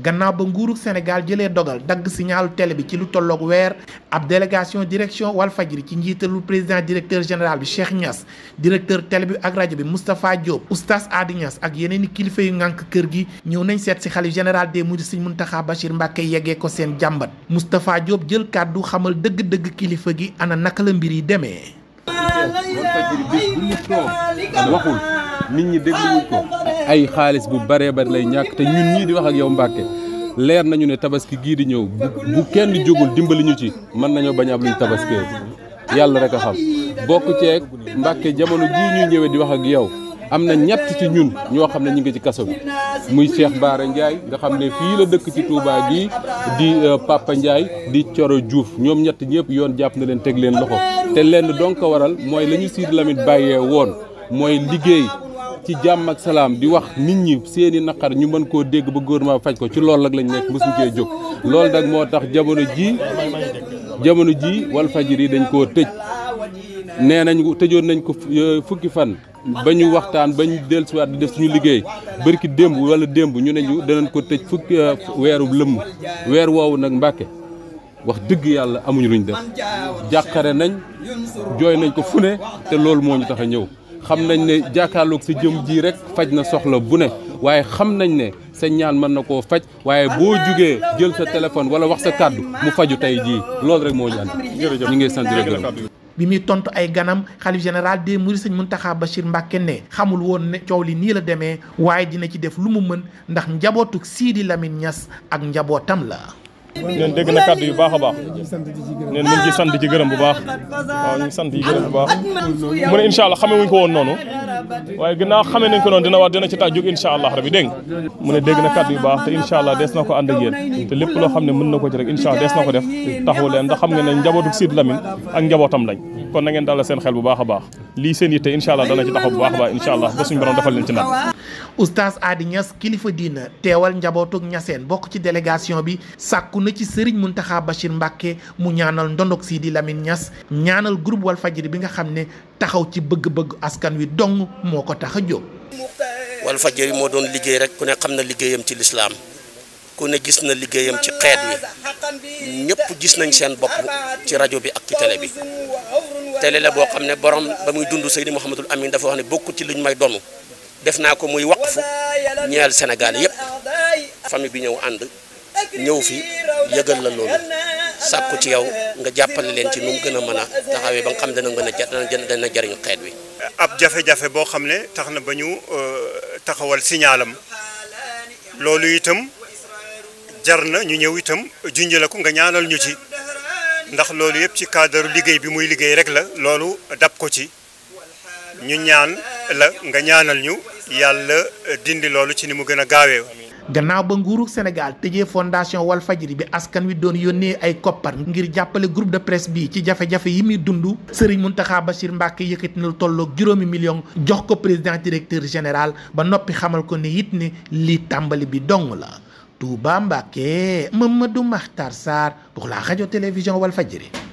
gannaaw ba nguuru Sénégal jëlee dogal dagg signaalu tele bi ci lu tolloog weer ab délégation direction Walfadjri ci njiitalu président directeur général bi Cheikh Niass directeur tele bi ak rajo bi Moustapha Diop oustaz Adi Niass ak yeneen i kilifa yu ngànk kër gi ñëw nañ seet si xalif général de mourides Serigne Mountakha Bachir Mbacké yeggee ko seen jàmbat Moustapha Diop jël kàddu xamal dëgg-dëgg kilifa gi ana naka la mbir yi demee. ay xaalis bu bëree bëri lay ñàkk te ñun ñii di wax ak yow Mbàkke leer nañu ne tabaski gii di ñëw bu kenn jógul dimbali ñu ci mën nañoo bañ ab luñ tabaskee yàlla rek a xam bokk ceeg Mbàkke jamono jii ñuy ñëwee di wax ak yow am na ñett ci ñun ñoo xam ne ñu ngi ci kaso bi muy Cheikh baare Ndiaye nga xam ne fii la dëkk ci Touba gii di euh, Papa Ndiaye di Coro Diouf ñoom ñett ñëpp yoon jàpp na leen teg leen loxo te lenn donc ko waral mooy lañu ñu lamit bàyyee woon mooy liggéey ci jàmm ak salaam di wax nit ñi seeni naqar ñu mën koo dégg ba gouvernement faj ko ci loolu nag lañu nekk mosuñ cee jóg loolu nag moo tax jamono ji jamono ji Walfadjri yi dañ koo tëj nee nañ tëjoon nañu ko euh, fukki fan ba ñu waxtaan ba ñu dellusiwaat di def suñu liggéey bërki démb wala démb ñu nañu ñu ko tëj fukki euh, weeru lëmm weer woowu nag Mbàkke wax dëgg yàlla amuñu luñ def jàqare nañ jooy nañ ko fu ne te loolu moo ñu tax a ñëw xam nañ ne jàkkaarloog sa jëm jii rek faj na soxla bu ne waaye xam nañ ne sa ñaan mën na koo faj waaye boo jógee jël sa téléphone wala wax sa kàddu mu faju tey jii loolu rek moo ñu ànd ñu ngi sant rek bi muy tontu ay ganam xalif général des mourides sëñ Muntaxa Bachir Mbàkke ne xamul woon ne coow li nii la demee waaye dina ci def lu mu mën ndax njabootuk Sidi Lamine Niass ak njabootam la neen dégg na kàddu yu baax a baax neen mu ngi sant ci gërëm bu baax waaw ñu ngi sant yi gërëm bu baax mu ne incha allah xame wuñ ko woon noonu waaye gannaaw xamee nañ ko noonu dina wax dina ci tax jóg incha allah rabbi dégg mu ne dégg na kàddu yu baax te incha allah dees na ko lépp loo xam ne mën na ko ci rek incha allah dees na ko def taxawu leen ndax xam nga ne njabootu Sidy Lamine ak njabootam lañ kon na ngeen seen xel bu baax a baax lii seen yitte incha allah dana ci taxaw bu baax a baax incha allah ba suñu borom defal leen ci oustaz Adi Niass kilifa diina teewal njabootug ñaseen bokk ci délégation bi sàkku na ci Serigne Mountakha Bachir Mbacké mu ñaanal ndondok Sidi lamin ñas ñaanal groupe Walfadjri bi nga xam ne taxaw ci bëgg-bëgg askan wi dong moo ko tax a jóg. yi moo doon liggéey rek ku ne xam na liggéeyam ci lislaam ku ne gis na liggéeyam ci xeet wi ñëpp gis nañ seen bopp ci rajo bi ak ci télé bi télé la boo xam ne borom ba muy dund Seydi Mouhamadul Amin dafa wax ne bokkut ci liñ may donu def naa ko muy fu ñeel senegal yëpp famille bi ñëw ànd ñëw fi yëgal la loolu sàkku ci yow nga jàppale leen ci mu gën a mën a taxawee ba nga xam dana gën a dana dana jariñ xeet wi. ab jafe-jafe boo xam ne tax na ba ñu euh, taxawal signalam loolu itam jar na ñu ñëw itam junj la ko nga ñaanal ñu ci ndax loolu yëpp ci cadre liggéey bi muy liggéey rek la loolu dab ko ci ñu ñaan la nga ñaanal ñu yàlla dindi loolu ci ni mu gën a gaawee. gannaaw ba nguurug Sénégal tëjee fondation Walfajri bi askan wi doon yónnee ay koppar ngir jàppale groupe de presse bi ci jafe-jafe yi muy dund Serigne Mountakha Bachir Mbacké yëkkati na lu tolloog juróomi million jox ko président directeur général ba noppi xamal ko ne it ne lii tàmbali bi dong la Touba Mbacké Mamadou Makhtar Sarr pour la radio télévision Walfajri